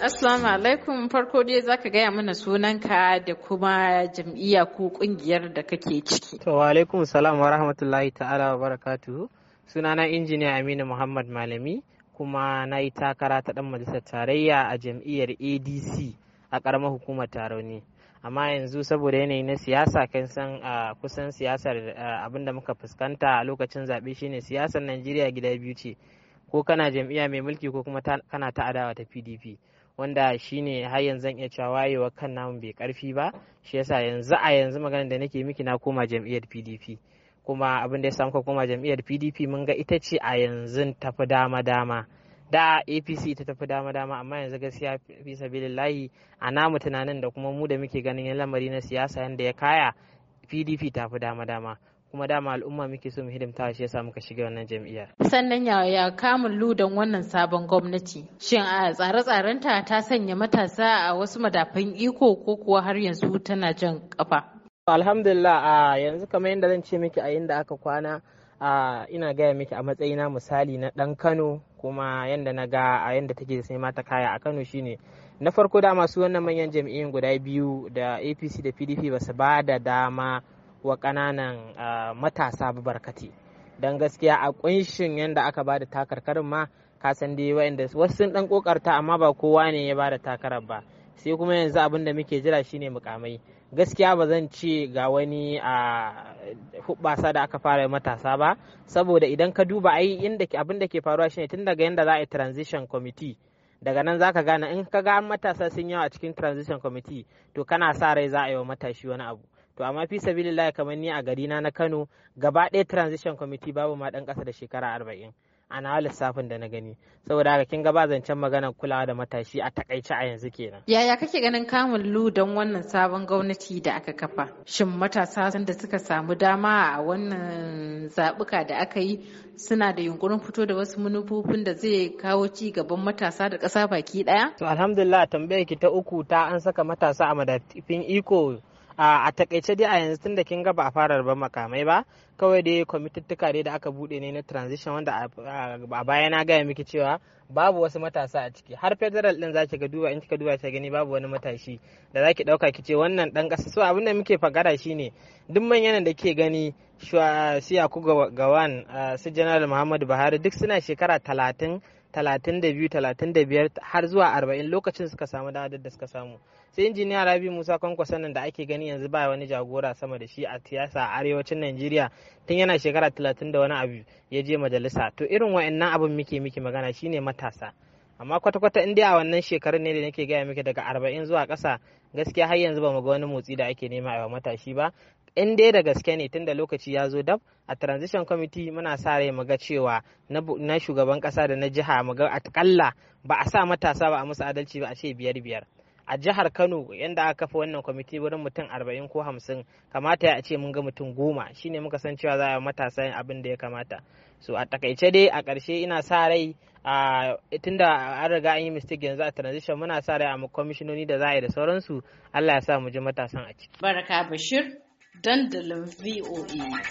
Assalamu alaikum farko dai zaka gaya mana sunanka da kuma jam'iyya ko kungiyar da kake ciki. To wa alaikum salam wa rahmatullahi ta'ala wa barakatuhu. Sunana injiniya Aminu Muhammad Malami kuma na yi takara ta dan majalisar tarayya a jam'iyyar ADC a karamar hukumar taro ne. amma yanzu saboda yanayi na siyasa kan san kusan siyasar abinda muka fuskanta a lokacin zaɓe shine siyasar najeriya gida biyu ce ko kana jam'iya mai mulki ko kuma kana ta adawa ta pdp wanda shine har yanzu zan iya cewa wayewa kan namu bai karfi ba shi yasa yanzu a yanzu maganar da nake miki na koma jam'iyyar pdp kuma abin da ya samu koma jam'iyyar pdp mun ga ita ce a yanzu tafi dama dama da apc ta tafi dama dama amma yanzu gaskiya fi sabilillahi a namu tunanin da kuma mu da muke ganin yan lamari na siyasa yanda ya kaya pdp ta fi dama dama kuma dama al'umma muke so mu hidimta shi yasa muka shiga wannan jam'iyyar. Sannan ya ya kamun ludan wannan sabon gwamnati. Shin a tsare-tsarenta ta sanya matasa a wasu madafan iko ko kuwa har yanzu tana jan kafa? Alhamdulillah a yanzu kamar yadda zan ce miki a da aka kwana ina gaya miki a matsayina misali na ɗan Kano kuma yadda na ga a yadda take sai mata kaya a Kano shine na farko da masu wannan manyan jam'iyyun guda biyu da APC da PDP ba su ba da dama wa ƙananan matasa matasa barkati don gaskiya a kunshin yadda aka ba da takarkarin ma kasan dai wa'inda wasu sun ɗan ƙoƙarta amma ba kowa ne ya ba da takarar ba sai kuma yanzu abin da muke jira shine mukamai gaskiya ba zan ce ga wani a hubbasa da aka fara matasa ba saboda idan ka duba ai inda abin da ke faruwa shine tun daga yanda za a yi transition committee daga nan zaka gane in ka ga matasa sun yawa a cikin transition committee to kana sa rai za a yi wa matashi wani abu to amma fi sabilillah kamar ni a gari na na Kano gaba ɗaya transition committee babu ma ɗan ƙasa da shekara arba'in a na lissafin da na gani saboda haka kin ga ba zancen maganar kulawa da matashi a takaice a yanzu kenan yaya kake ganin kamun lu don wannan sabon gwamnati da aka kafa shin matasa da suka samu dama a wannan zabuka da aka yi suna da yunkurin fito da wasu manufofin da zai kawo ci gaban matasa da ƙasa baki daya to alhamdulillah tambayar ki ta uku ta an saka matasa a madafin iko a takaice dai a yanzu tun da kin ga ba a fara rabar makamai ba kawai dai kwamitattuka dai da aka bude ne na transition wanda a baya na gaya miki cewa babu wasu matasa a ciki har federal din zaki ga duba in kika duba ta gani babu wani matashi da zaki dauka kice wannan dan kasa so abin da muke fagara shine duk manyan da ke gani siya ku Gawan su General Muhammadu Buhari duk suna shekara talatin 32 35 har zuwa 40 lokacin suka samu da suka samu sai injiniya rabi musa kwankwa sanin da ake gani yanzu ba wani jagora sama da shi a siyasa a arewacin najeriya tun yana shekara 30 da wani abu ya je majalisa to irin wa'annan abin muke muke magana shine matasa amma kwata-kwata in dai a wannan shekarun ne da nake gaya miki daga arba'in zuwa ƙasa gaskiya har yanzu ba mu ga wani motsi da ake nema a matashi ba in dai da gaske ne tun da lokaci ya zo dab a transition committee muna sa rai mu ga cewa na shugaban ƙasa da na jiha mu ga akalla ba a sa matasa ba a musu adalci ba a ce biyar biyar a jihar kano yadda aka kafa wannan kwamiti wurin mutum arba'in ko hamsin kamata ya ce mun ga mutum goma shine muka san cewa za a matasa yin abin da ya kamata so a takaice dai a ƙarshe ina sa rai a tunda an riga an yi mistake yanzu a transition muna sa rai a kwamishinoni da za a yi da sauransu allah ya sa mu ji matasan a ciki baraka bashir dandalin voa